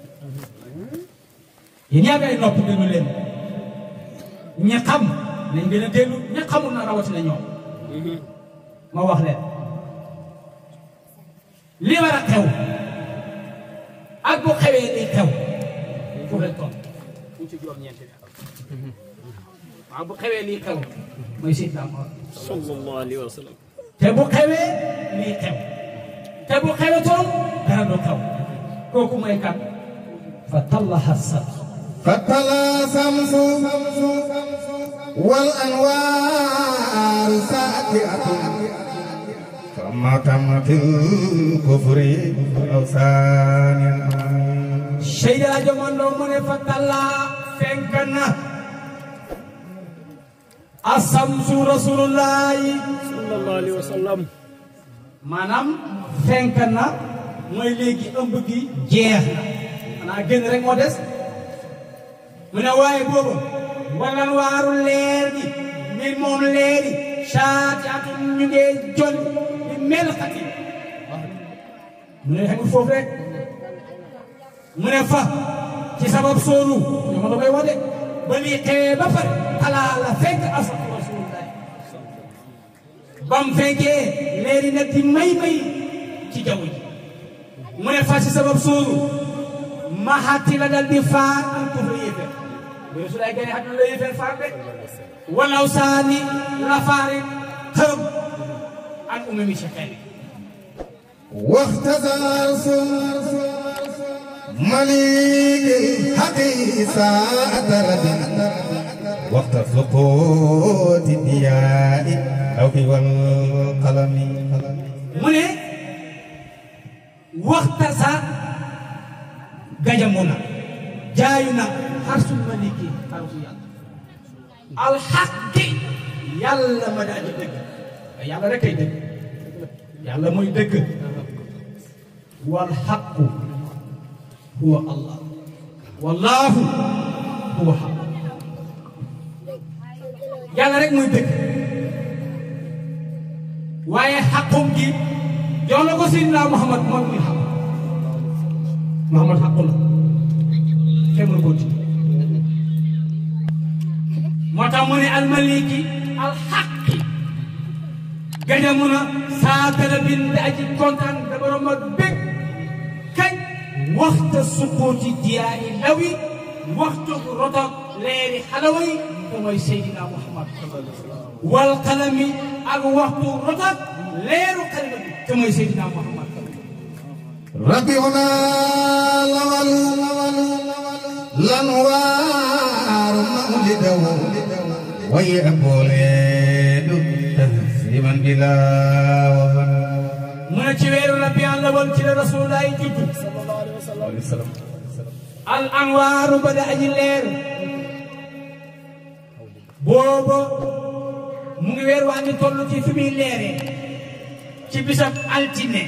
Speaker 1: yéen yaa ngay nopp déglu leen ñi xam nañ gën a déglu ñi xamul na rawatina ñoom ma wax leen li war ak bu xewee ni xew foofu lañ toll ñu ci juróom ñeenti waaw bu xewee lii xew mooy Seydina Muhammad sallallahu alayhi wa sallam te bu xewee lii xew te bu xewetoon dara du xew kooku mooy kan
Speaker 2: fa tallaha samsu fa tallaha samsu wal anwaaru saatiatun ماتم في الكفر أوسان شيدا جمان دومن فتلا فنكن
Speaker 1: الشمس رسول الله صلى الله عليه وسلم maanaam fenk na mooy léegi ëmb gi jeex na xanaa génn rek moo des mu ne waaye boobu walan leer gi min moom leeri saati atum ñu ngee jol melxati mu ne xamul foofu rek mu ne fa ci sabab soonu ñoo ma koy wax de ba ni xee ba pare alaa la fekk asatu rasulullahi bam fekkee leeri nag di may may ci jaww ji mu ne fa ci sabab soonu maxati la dal di faar am pour la yéefee bu rasulaay gane xam la yéefee faar de walaw saani la faari xërëm عن أمم شكل
Speaker 2: واختزاز مليك حديثا أترد وقت سقوط الدياء أو والقلم من
Speaker 1: وقت سا جاجمونا جاينا حرس الملك حرس يالله الحق يالله مدى دك yàlla rek ay dëgg yàlla mooy dëgg wal xaqu huwa allah wallaahu huwa xaq yàlla rek mooy dëgg waaye xaqum gi jox na ko Seydina Muhammad moom muy xaq Muhammad xaqu la kenn mënu koo moo tax mu ne almaliki alxaq gajamuna saatala bind aji kontaan dabaram ak bég kañ waxta sukkooti diyaari lawi waxtu rotok leeri xalaway te mooy Seydina Muhammad wal qalami ak waxtu rotok leeru xalima bi te mooy Seydina
Speaker 2: Muhammad ربيعنا لول لنوار مولده ويعبره بلا من چې ویرو نبی الله ول چې رسول الله
Speaker 1: کی صلی الله علیه وسلم الانوار بدا اجلر بوبو موږ ویر وانه tollu ci fimi léré ci bisab altine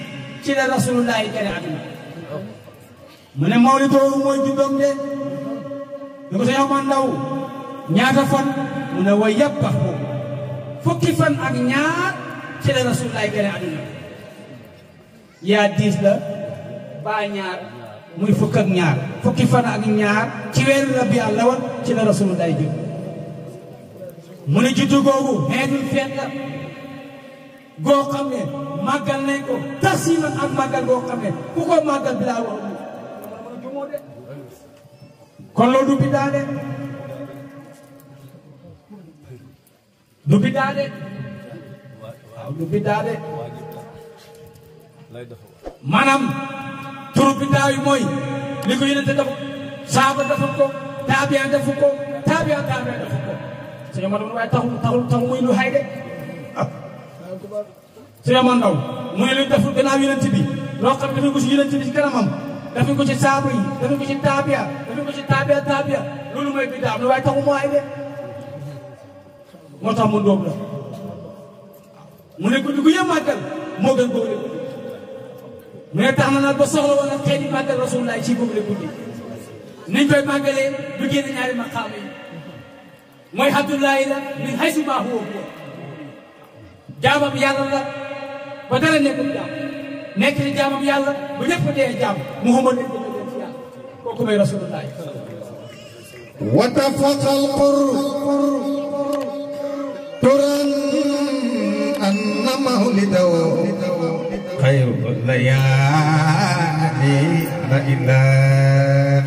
Speaker 1: ci la رسول الله کرے aduna mu ne mawlido moy judom de ko sa yow man daw ñaata fan mu ne way yabbahu fukki fan ak ñaar ci la rasulullaay gane àdduna yaa diis la baa ñaar muy fukk ak ñaar fukki fan ak ñaar ci weeru rabi alawal ci la rasulullaay judd mu ne juddu googu xeetul feet la goo xam ne màggal nañ ko tasiman ak màggal goo xam ne ku ko màggal bi laa wax kon loolu bi daa de du biddaa de waaw du biddaa de maanaam turu biddaa yu mooy li ko yénente def saaba defu ko taabiyaan defu ko taabiyaan taabiyaan defu ko suñu ma dama waaye taxul taxul muy lu xay de suñu ma ndaw mu ne lu deful gannaaw bi loo xam dafa ko si yénente bi si kanamam dafa ko ci saaba yi dafa ko ci taabiya dafa ko ci taabiya taabiya loolu mooy biddaa lu waaye taxul mu xay de moo tax mu ndóob mu ne guddi gu yëpp moo gën góob mu ne tax na nag ba soxla woon nag na ci góob leen guddi niñ koy màggalee du génn ñaari maqaam yi la min xay si baaxu woo ko jaamam yàlla la ba dara nekkul jaam nekk ni bu ñëpp dee jaam muhammad ni ko dee ci yàlla kooku may rasulullah
Speaker 2: wa tafaqa al درا أن مولده خير layani لا ila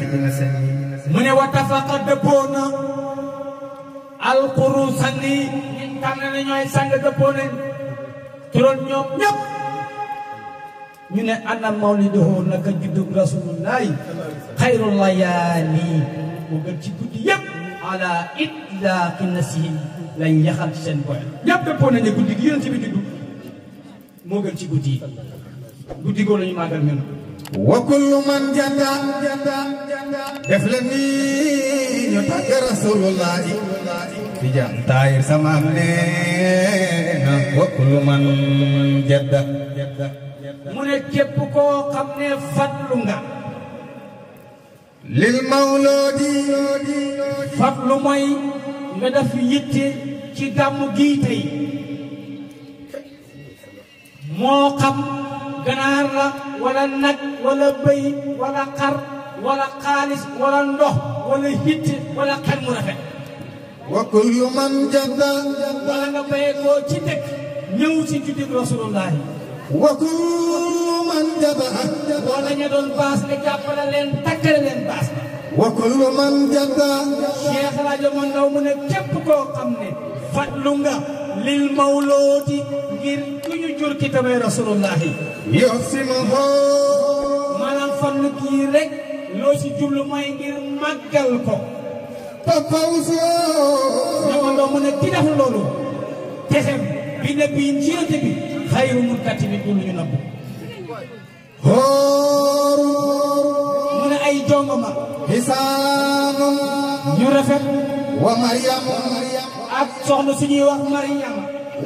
Speaker 2: إلا سيدي
Speaker 1: من وتفقد بونا القرون سني tànn na ñooy sang dëppoo nañ turoon ñoom ñëpp ñu ne ana mawliduhu naka juddug rasulullahi xayrul layaani ala itlaaqi nasihi lay yaxal sen boy ñap ñëpp dëppoo ne guddi gi ci bi juddu mo gën ci guddi yi guddi goo lañu magal mel
Speaker 2: wa kullu man janda janda def la ni ñu tàgg rasulullah di jam taayir sama ne wa kullu man janda
Speaker 1: mu ne kep ko xamne fatlu nga
Speaker 2: lil mawludi
Speaker 1: fatlu moy nga def yitte ci gàmmu gii tey moo xam ganaar la nag wala bëy wala xar wala xaalis wala ndox wala yitte wala xel mu rafet wa kullu man jadda wala nga bayee koo ci dëkk ñëw ci juddi rasulullahi wa kullu man jadda wala ña doon baas nga jàppale leen takkale leen baas wa kullu man jadda Cheikh rajo ma ndaw mu ne koo xam ne fatlu nga lil mawlooti ngir ñu jur ki tamay yow si ma xoo maanaam fatlu kii rek loo si jublu mooy ngir màggal ko papawso ñama ndaw mu ne ki def loolu texem bi ne bii njiyante bi xayru mun bi dul ñu nabb
Speaker 2: xooru ay dongoma hisaanu ñu rafet wa maryam ak soxna suñuy wax maryam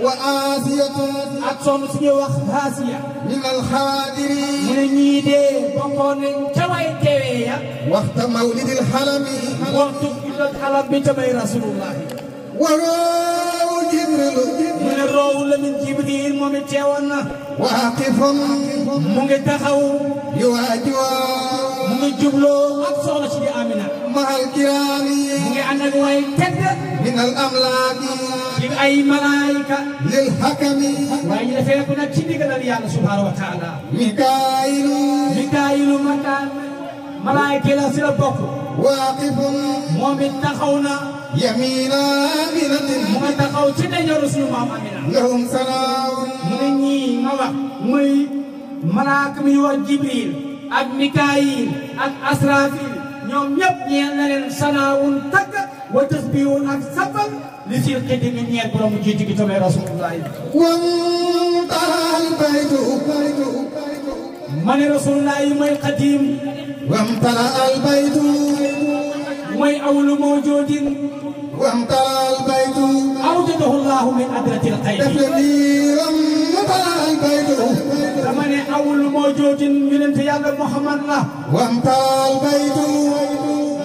Speaker 2: wa asiyatu ak soxna suñuy wax hasiya min al
Speaker 1: khadiri mu ne ñii de bokkoon nañ taway ya waxta mawlid al halami waxtu ilal halam bi tamay rasulullah wa rawu jibril mu rawu la min jibril moom it teewoon
Speaker 2: mu ngi taxaw yuwaajiwaa mu ngi jubloo ak soxna si di Amina. mahal kiraami. mu ngi ànd ak way tedd. minal amlaaki. ci
Speaker 1: ay malaayika. lil hakami. waaye ñu defee ko nag ci ndigalal yàlla wa taala. mikaayilu. mikaayilu makaan. malaayika si la bokk.
Speaker 2: waaqifun. moom it taxaw na. yamina aminatin. mu ngi taxaw ci
Speaker 1: ma wax mi wax Jibril. ak Mikaayil ak asrafil ñoom ñëpp ñeel na leen sanaawun tagg wa tasbihun ak sabal li fi xidimi ñeel borom mu jiitu gi tamit rasulullahi
Speaker 2: wan taal baytu
Speaker 1: baytu rasulullahi mooy xadim wam tala al baytu mooy awlu mawjoodin وامتلأ البيت أوجده الله من أدرة القيد موجود من انتياب محمد لا وامتلأ البيت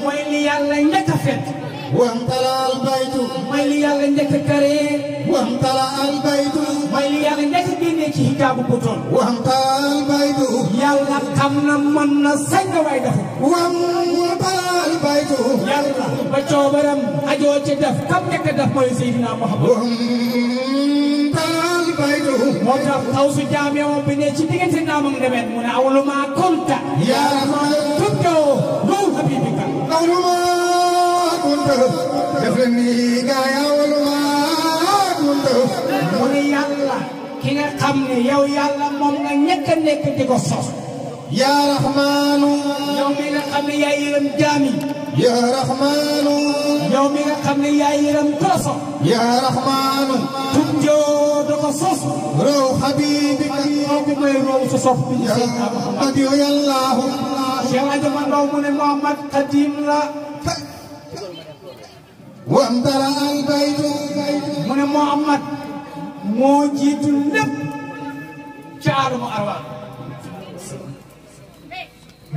Speaker 1: ويلي يلا نكفت wamtala albaytu mooy li yàlla njëkk a karee wamtala albaytu mooy li yàlla njëkk a génnee ci hitaabu bu toon wamtala albaytu yàlla xam na mën na sañ na waay dafa wamtala albaytu yàlla ba coobaram ajoo ci def kam njëkk a def mooy moo tax taw su jaamee woon bi ne ci diggante naam ak awlu maa konta. yaa ma. tuddoo loolu habibika. awlu muntaxab def leen ni gaa yaa wala waat muntaxab mu ne yàlla ki nga xam ne yow yàlla moom nga ñëkk a nekk di ko sos yaa raxmaanu yow mi nga xam ne yaa yërëm jaam yi
Speaker 2: yaa raxmaanu yow mi nga xam ne yaa yërëm kooso yaa raxmaanu tum joo da ko sos raw xabibika kooku mooy raw sa sopp bi ñu seen ab xabaar yow yàllaahu Cheikh Adama Ndaw mu ne Muhammad Xadim la wamtara al baytu mu ne
Speaker 1: Muhammad moo jiitu lépp ci aadama arwaax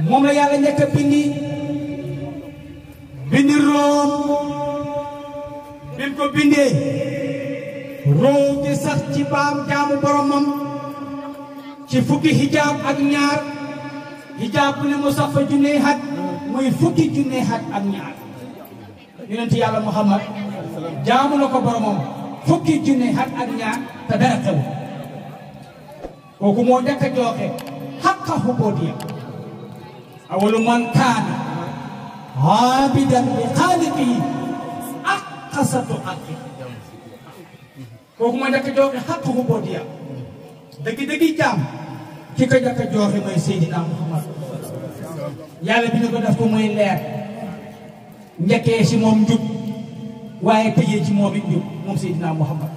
Speaker 1: moom yàlla njëkk a bindi room bi mu ko bindee roow di sax ci baam jaamu boromam ci fukki hijaab ak ñaar hijaab bu ne sax fa junney hat muy fukki junney hat ak ñaar yonent yàlla muhammad jaamu na boromam fukki junne xat ak ñaar te dara xew kooku moo njëkk a jooxe xaqa xuboodiya man kaana aabidan bi xaaliqihi aqasatu xaqi kooku moo njëkk ko muhammad yàlla bi ko ko leer njëkkee si moom njub waaye tëjee ci moom it moom Seydina Muhammad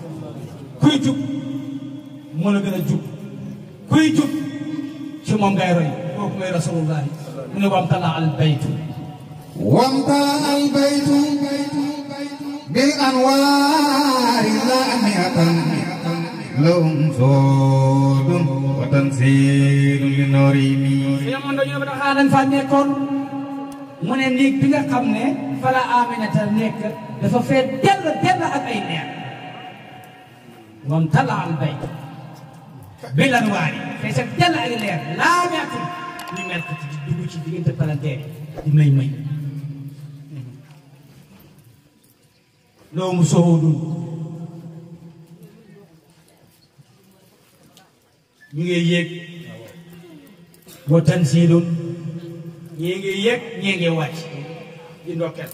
Speaker 1: kuy jub moo la gën a jub kuy jub ci moom ngay kooku ngay rasulullahi mu ne wamtala al baytu
Speaker 2: wamtala al baytu bil anwaari laamiyatan lahum soodun wa tansiilun li noorimi.
Speaker 1: mu ne néeg bi nga xam ne fala Aminata nekk dafa fee dell dell ak ay neer moom talaal bay bi lan waari fee sa ak leer laa ñàkk ñu mel ko dugg ci diggante palanteer di may may loo mu soxoo dund ñu ngi yéeg wa tansiilun ñii ngi yëg ñii ngi wàcc di ndokkeel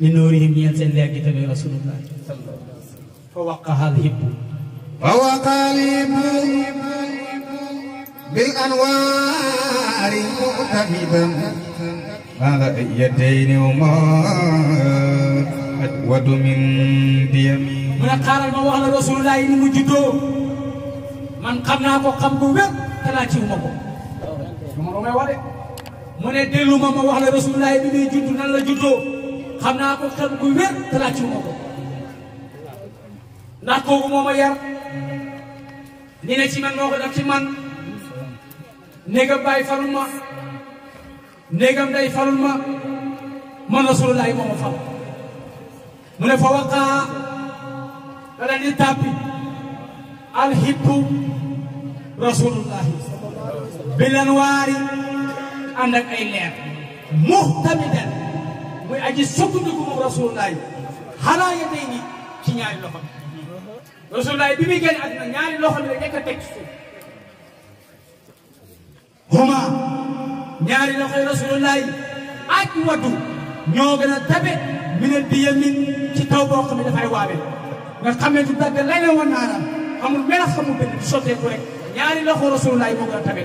Speaker 1: ñu nuurihim ñeen seen leer gi tamit rasulullah fa waqaha alhibbu fa waqaha alhibbu bil
Speaker 2: anwaari muqtamidan بعد يدين وما أدود من ديمين من قال
Speaker 1: الموحل رسول الله إن مجدو من قمنا قم بوبر تلاتي ومبو mu ne dellu ma ma wax la rasulullah bi muy juddu nan la juddoo xam naa ko xam gu wér te laaj ma ko ndax kooku moo ma yar ni ne ci man moo ko def ci man néegam baay falul ma néegam day falul ma man rasulullah moo ma fal mu ne fa waqaa dana ni tàppi alhibbu rasulullahi bilanwaari ànd ak ay leer muhtamidan muy aji sukkandiku moom rasulullah xalaa ya day ni ci ñaari loxo bi rasulullah bi muy génn àdduna ñaari loxo bi la njëkk teg ci suuf huma ñaari loxoy rasulullah ak waddu ñoo gën a tabe minal bi yamin ci taw boo xam ne dafay waabe nga xam ne du dagg leneen woon naanam amul melax benn sotteeku rek ñaari loxo rasulullah moo gën a tabe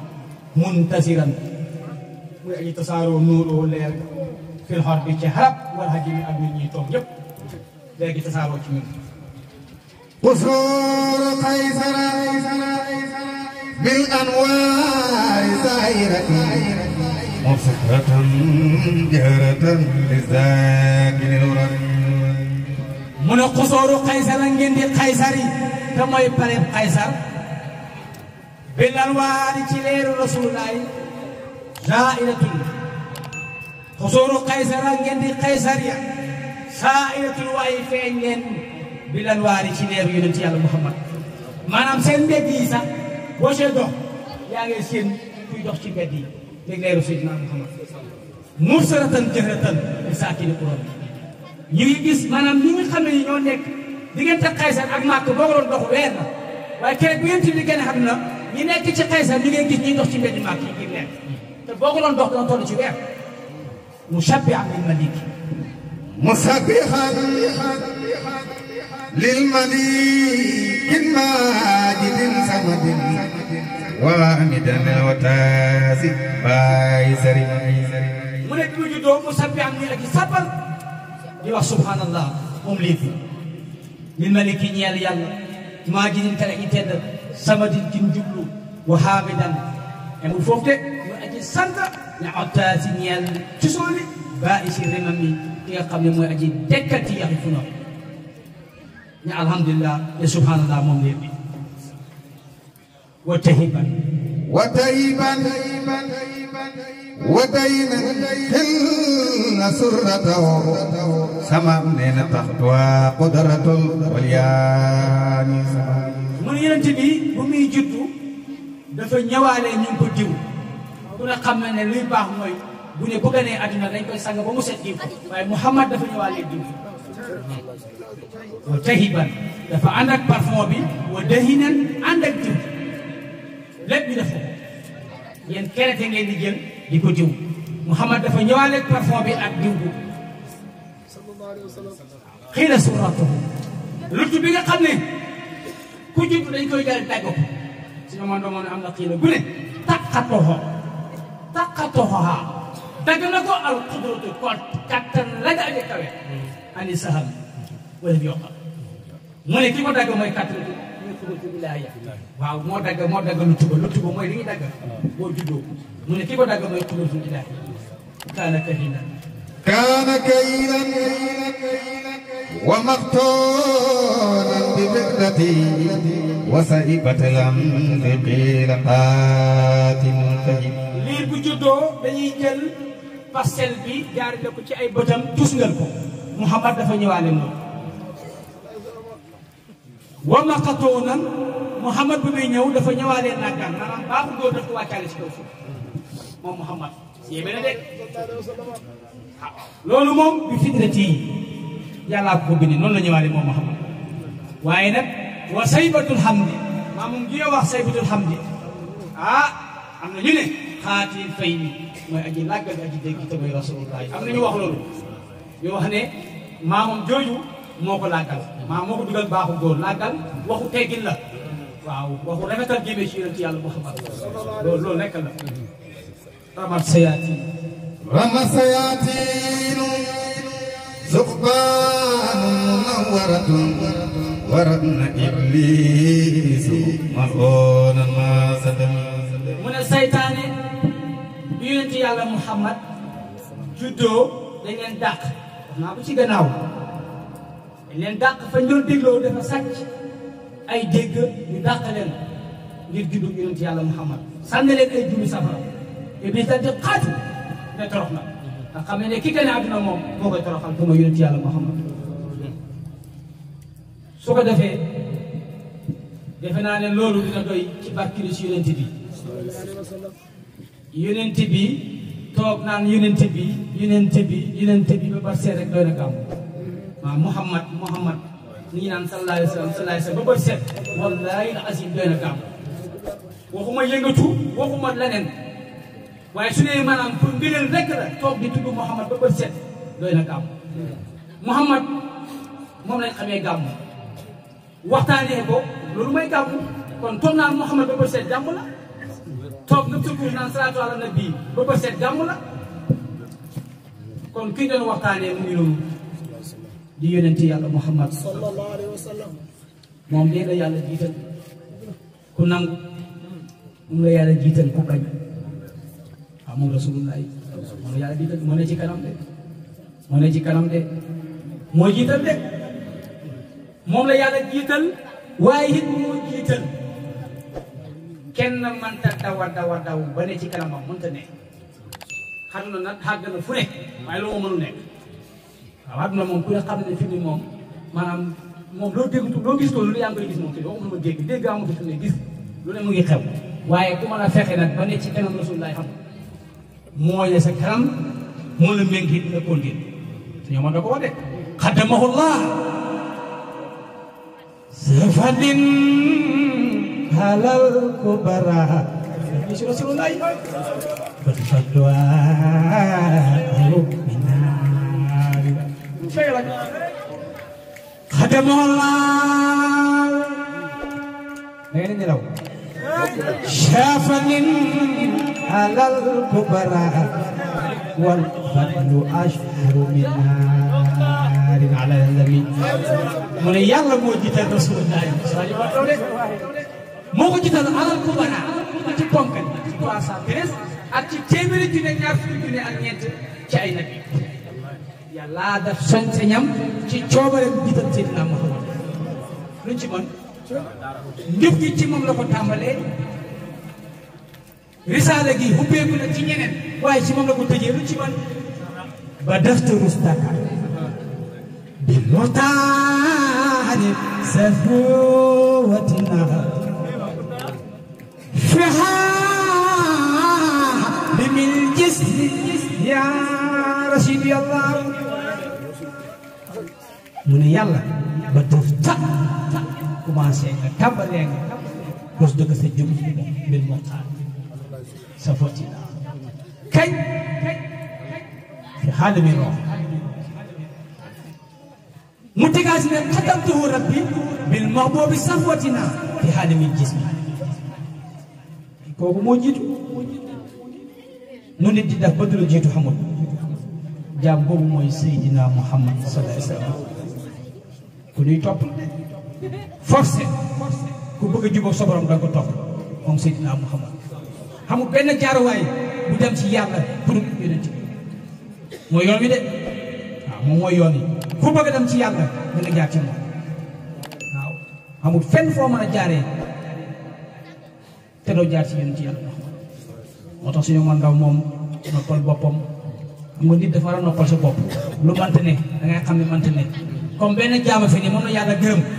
Speaker 1: منتظرا ويأي تسارو نوره لير في الحرب كهرب والهجم أبن يتوم يب لير تسارو
Speaker 2: كمين قصور قيصر بالأنوار سائرة وفكرة جهرة للزاكن الرب من
Speaker 1: قصور قيصر جندي قيصري كما يبقى قيصر بالأنوار تلير رسول الله زائلة حصول قيصر عند قيصرية سائلة وإفين بالأنوار تلير ينتهي على محمد ما نام سند ديسا وش ده يعني سين في دوش بدي بالله سيدنا محمد مرسلة جهرة مساكين القرآن ñuy gis maanaam ñi nga xam ne ñoo nekk diggante Qaysar ak Màkk boo ko doon dox weer na waaye keroog bu yéen tamit gën a ñi nekk ci xaysa li ngay gis ñuy dox ci mbedd màkk yi ngir nekk te boo ko doon dox doon toll ci weer
Speaker 2: mu shabbihan lil malik mu shabbihan lil malik maajidin samadin waamidan wa taasi baay sari mu
Speaker 1: ne bi juddoo mu shabbihan lil ak sabal di wax subhanallah moom lii fi lil maliki ñeel yàlla maajidin kala ñi tedd samadin kin jublu wa hamidan emo fof de yo aji santa ne ottaasi ñeel cusooli baa isi remam mi ki nga xam ne mooy aji dekkati yaxi fu noo ne alhamdulillah e subhanallah moom leen bi wa
Speaker 2: tahiban wa tahiban ودين إن سرته سما من تحتها قدرة الوليان سما mu yonent bi bu muy juddu
Speaker 1: dafa ñewale ñu ko diw ku ne xam ne luy baax mooy bu ne bu gane aduna dañ koy sang ba mu set diw waaye muhammad dafa ñewale diw wa tahiban dafa ànd ak parfum bi wa dahinan ànd ak diw lepp bi dafa ko kerete ngeen di jël di ko diw muhammad dafa ñëwaale parfum bi ak diw bu xiila suratuhu lutu bi nga xam ne ku jiitu dañ koy jël dagg ko si na man domoon am na xiila bu ne taqatoxo taqatoxoha dagg al qudratu ko kattan la nga aje kawe ani saham wala bi moo dagg moo dagg lu tuba lu tuba mooy li ñuy dagg boo juddoo mu ne ki ko dagg mooy xurutu billahi kaana
Speaker 2: kahina kaana kahinan wa maxtoor جكرتي وسائبة لم تقيل قاتل فجد lii
Speaker 1: bu juddoo dañuy jël parcelle bi jaarale ko ci ay bëtam tusngal ko Muhammad dafa ñëwaale moom wa maqatoo nan Muhammad bu muy ñëw dafa ñëwaale naggaan maanaam baaxu góor dafa wàccaale si kaw suuf moom Muhammad yéeme na
Speaker 3: de ah,
Speaker 1: loolu moom bi fitrati yàllaa ko bind noonu la ñëwaale moom Muhammad waaye nag wa saybatul hamdi maamum gi wax saybatul hamdi ah am na ñu ne xaatil fay mi mooy aji làggal aji dégg te mooy rasulullah am na ñu wax loolu ñu wax ne maamum jooju moo ko làggal maam moo ko dugal baaxu góor làggal waxu teggin la waaw waxu rafetal jëmee ci yonent yàlla Muhammad loolu loolu rekk ramat sayaati ramat sayaati
Speaker 2: suqbaan munawwaratun warat na ibliisu
Speaker 1: muhammad judo dañ leen dàq ci gannaaw dañ leen dàq fañ doon dafa sàcc ay dégg ñu ngir muhammad sànni ay jumi safara iblis daal di xaatu ne torox na ndax ki gën toroxal muhammad su ko defee defe naa ne loolu dina doy ci bàkkiru si yonent bi yonent bi toog naan yonent bi yonent bi yonent bi ba bët seet rek doy na gàmm waaw Muhammad Muhammad ni ñu naan sallallahu alayhi wa sallam sallallahu alayhi wa sallam ba bët seet wallaahi la asim waaye su ne maanaam pour mbiral rek toog di tudd Muhammad ba bët seet doy na gàmm Muhammad moom lañ xamee gàmm waxtaanee ko loolu may gàmmu kon toog naa Mouhamad ba ba seet jàmm la toog nëb secours naan salaatu ala nabi ba ba seet jàmm la kon ki doon waxtaanee mu ngi noonu di yonente yàlla Mouhamad sallallahu alayhi wa sallam moom nee na yàlla jiital ku nangu moom la yàlla jiital ku bañ waaw ah, moom rasulullah yàlla jiital moo ne ci kanam de moo ne ci kanam de moo jiital de moom la yàlla jiital waaye it moo jiital kenn mënta dawa dawa daw ba ne ci kanamam mënta ne xaduna nag xàgg na fu ne waaye loolu moom ku ne xam ne fi moom maanaam moom loo dégg loo gis loolu yaa ngi koy gis moom te doo ko dégg dégg amul fi ne gis lu ne mu ngi xew waaye ku mën a fexe nag ba ne ci kanam rasulullah xam mooy sa kanam moo la méngit nga kóndil te ñoo mën da ko wax de xaddamahu llah Sifadin halal kubara Rasulullah
Speaker 2: Berfatwa Al-Minar
Speaker 1: Khadamullah nah, Ini tau Syafanin halal kubara Wal fadlu ashru minar karim ala nabi mu ne yàlla moo jiital rasulullah moo ko jiital alal kubara ci ponkal ci 313 ak ci téeméeri junne ñaar fukki junne ak ñeent ci ay yàlla daf sañ ci coobareem jiital seydina Muhammad lu ci mën njub gi ci moom la ko tàmbalee risaale gi hubbeeku na ci ñeneen waaye ci moom la ko tëjee lu ci mën ba def te rus بالمتعن سهوتنا فيها بمن جسم يا رشيد يا الله من يلا بدفتا كما سيغا تبلين بس دغ سجم بالمتعن سفوتنا كاي في حال من روح mu tegaat ne xatamtuhu rabbi bil mahboobi safwatina fi xaadamil jismi kooku moo jiitu nu nit di def ba du jiitu xamul jaam boobu mooy Seydina Muhammad sallallahu alayhi ku ñuy topp forcé ku bëgg a jubóog sa borom da ko topp moom Seydina Muhammad xamul benn jaaruwaay bu dem ci yàlla pour yonent mooy de moom yoni yoon yi ku bëgg a dem ci yàlla da nga jaar ci moom waaw amul fenn foo mën a jaaree te jaar ci yoon ci yàlla moo suñu man ndaw moom noppal boppam xam nga nit dafa war a sa bopp lu mantene ne da ngay xam ne mante ne comme benn jaama fi nii moom na yàlla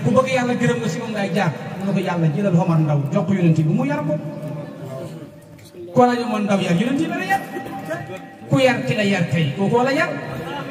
Speaker 1: ku bëgg yàlla gërëm nga si moom ngay jaar mu ko yàlla jëlal xomar ndaw jox ko yonent mu yar ko
Speaker 3: ko la ñu ndaw
Speaker 1: yar la yar ku yar la yar la yar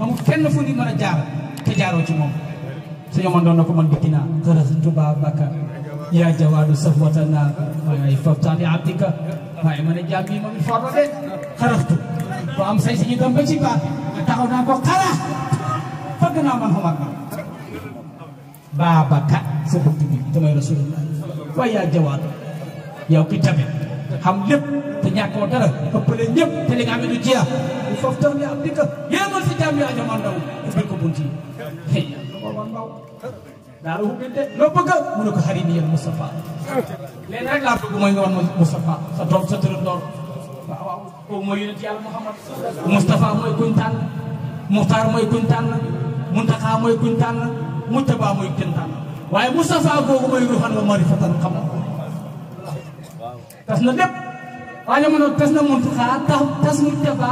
Speaker 1: amul fenn fu nit mën a jaar te jaaroo ci moom suñu man doon na man bitina ya jawadu safwatana ay faftani abdika waaye ma ne jaam forno de xaraxtu ba am say suñu doom ba ci baat taxaw naa ko xara fëgg naa man xamat ma babaka sa bëgg bi damay rasulullah yow ki xam lépp te ñàkkoo dara ëppale ñëpp te li nga xam ne du jeex bu foofu tam yaa am dikka yéemal si jaam yaa jamono ndaw ubbil ko bunt yi xëy na ko war loo bëgg mu a ko xarit yi yéen Moustapha leen rek laa bëgg mooy nga woon sa doom sa tërëm doom waaw waaw kooku mooy Muhammad Moustapha mooy kuñ tànn Muxtaar mooy kuñ tànn Muntaxa mooy kuñ tànn tànn waaye Moustapha googu mooy ruuxan wa marifatan xam tas na lépp waaye mënoo tas na Muntaxa tax tas Mujtaba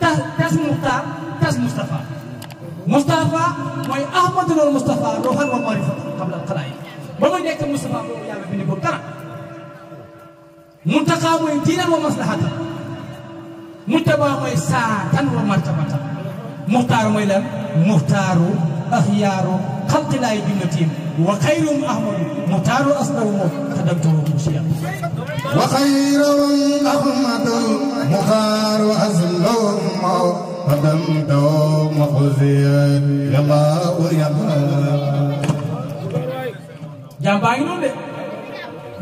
Speaker 1: tas tas Muxtaar tas Moustapha Moustapha mooy Ahmadu loolu Moustapha loo xam ne moom moo xam la xalaat yi ba muy nekk Moustapha boobu yàlla bind ko dara Muntaxa mooy diinan wa maslahata Mujtaba mooy saatan wa martabata Muxtaar mooy lan Muxtaaru axyaaru xalqilaayi junnatim وخير أحمد
Speaker 2: مختار أصله خدمته مشيئا
Speaker 1: وخير
Speaker 2: أحمد مختار أصله خدمته مخزيا يا الله يا الله jàmbaa
Speaker 1: ngi noonu de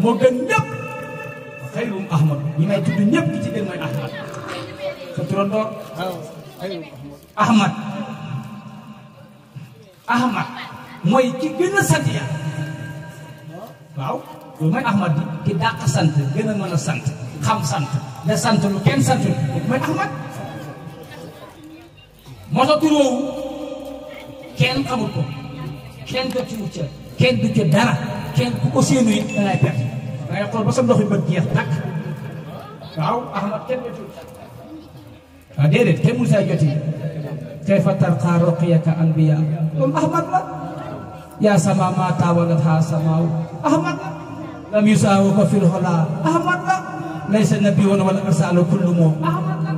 Speaker 1: moo gën ñëpp xayrum ahmad ñi may tudd ñëpp ki ci gën mooy ahmad sa turandoor ahmad ahmad Mau ki gën sant yàlla ahmad ki dàq sant gën a sant xam sant da sant lu kenn sant ahmad moo tax turoowu kenn xamul ko kenn jot ci wu kenn du dara kenn ku ko da ahmad kenn jotul waaw déedéet kenn mu saa joti kayfa tarqa ruqyaka anbiya ahmad la يا سما ما ها سماو أحمد لم يساوك في الهلا أحمد ليس النبي ولا أرسال كل مو أحمد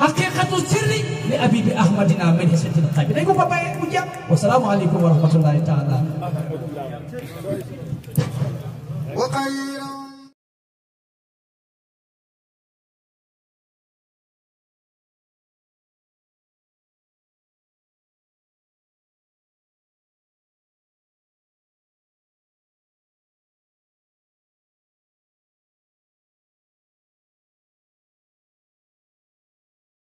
Speaker 1: حقيقة السر لأبي بأحمدنا من حسن القبيل ايكو بابا يا والسلام عليكم ورحمة الله تعالى
Speaker 3: وقيل